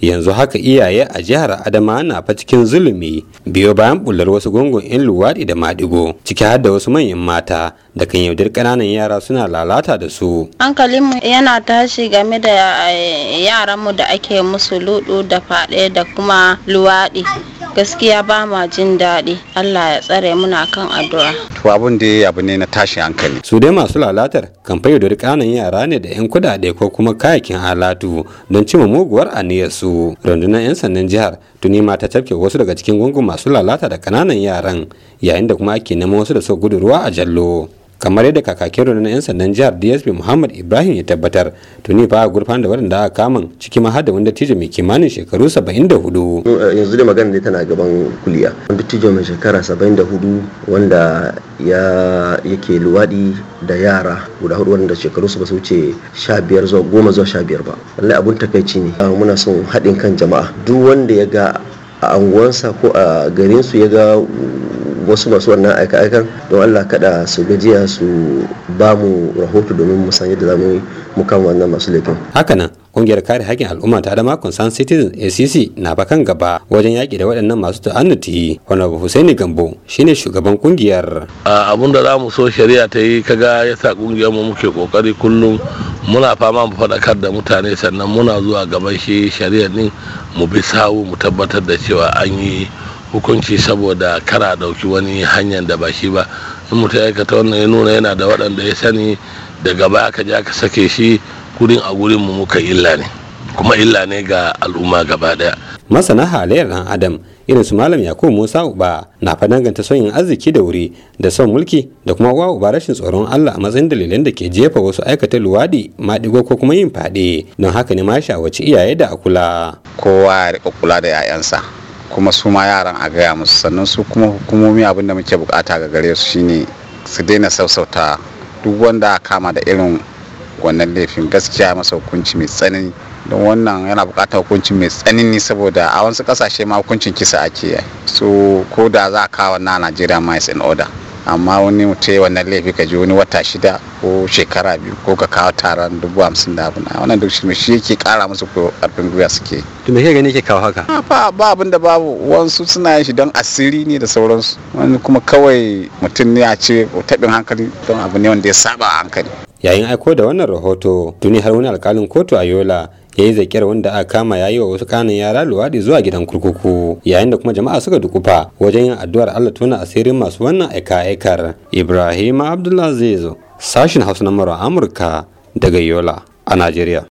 yanzu haka iyaye a jihar adama na fa cikin zulumi biyo bayan bular wasu gungun 'yan luwaɗi da maɗigo ciki har da wasu manyan mata da kan yaudar ƙananan yara suna lalata da su hankalinmu yana tashi game da eh, yaranmu da ake musu luɗu da faɗe da kuma luwaɗi gaskiya ba ma jin daɗi allah ya tsare muna kan addu'a to abun da abu ne na tashi hankali su dai masu lalatar kan fayyadori kanan yara ne da 'yan kudade ko kuma kayakin halatu don cima muguwar su rundunar 'yan sannan jihar tuni ma ta tafke wasu daga cikin gungun masu lalata da kananan yaran yayin da kuma ake neman wasu da su gudu ruwa a jallo kamar yadda kakakin rundunar 'yan sandan jihar dsp muhammad ibrahim ya tabbatar tuni fa a gurfan da waɗanda aka kamun. ciki mahadda da wanda tijo mai kimanin shekaru 74 eh, yanzu da magana ne tana gaban kuliya wanda tijo mai shekara 74 wanda ya yake luwaɗi da yara guda hudu wanda shekaru su ba su wuce 15 zuwa 10 zuwa 15 ba wallahi abun takaici ne ah, muna son haɗin kan jama'a duk wanda ya ga a anguwansa ko a garinsu ya ga wasu masu wannan aika-aikan don allah kada su gajiya su ba mu rahoto domin mu san yadda za mu yi mukan wannan masu laifin hakanan kungiyar kare hakkin al'umma ta adama concern citizen acc na bakan gaba wajen yaki da waɗannan masu ta'annuti honorable husaini gambo shine shugaban kungiyar abun da za mu so shari'a ta yi kaga ya sa kungiyar mu muke kokari kullum muna fama mu faɗakar da mutane sannan muna zuwa gaban shi shari'a ne mu bi sawu mu tabbatar da cewa an yi hukunci saboda kara dauki wani hanyar da ba shi ba in mutum ya aikata wannan ya nuna yana da waɗanda ya sani daga baya aka je aka sake shi kudin a gurin mu muka illa ne kuma illa ne ga al'umma gaba daya masana halayyar dan adam irin su malam yakubu musa uba na fadanganta son yin arziki da wuri da son mulki da kuma wa uba rashin tsoron allah a matsayin dalilan da ke jefa wasu aikata luwaɗi, maɗigo ko kuma yin faɗi, don haka ne ma shawarci iyaye da akula. kowa ya riƙa kula da 'ya'yansa kuma su ma yaran a gaya musu sannan su kuma hukumomi abinda muke bukata ga gare su shine su daina sausauta duk wanda a kama da irin wannan laifin gaskiya masa hukunci mai tsanani don wannan yana bukatar hukunci mai tsanani saboda a wasu kasashe ma hukuncin kisa ake so ko da za a kawo na najeriya mice in order amma wani mutum ya wannan laifi ka ji wani wata shida ko shekara biyu ko ka kawo taron dubu hamsin da abu na wannan duk shi shi yake kara musu karfin gwiwa suke to me gani ke kawo haka ah, ba ba abin da babu wasu suna yin shi don asiri ne da sauransu wani kuma kawai mutum ne a ce taɓin hankali don abu ne wanda ya saba hankali yayin aiko da wannan rahoto tuni har wani alkalin kotu a yola ya yi zakiyar wanda aka kama ya yi wa wasu kanin yara luwaɗi zuwa gidan kurkuku yayin da kuma jama'a suka dukufa wajen yin addu'ar allah Tuna asirin masu wannan aika-aikar ibrahim abdullazizu sashin hausa na amurka daga yola a najeriya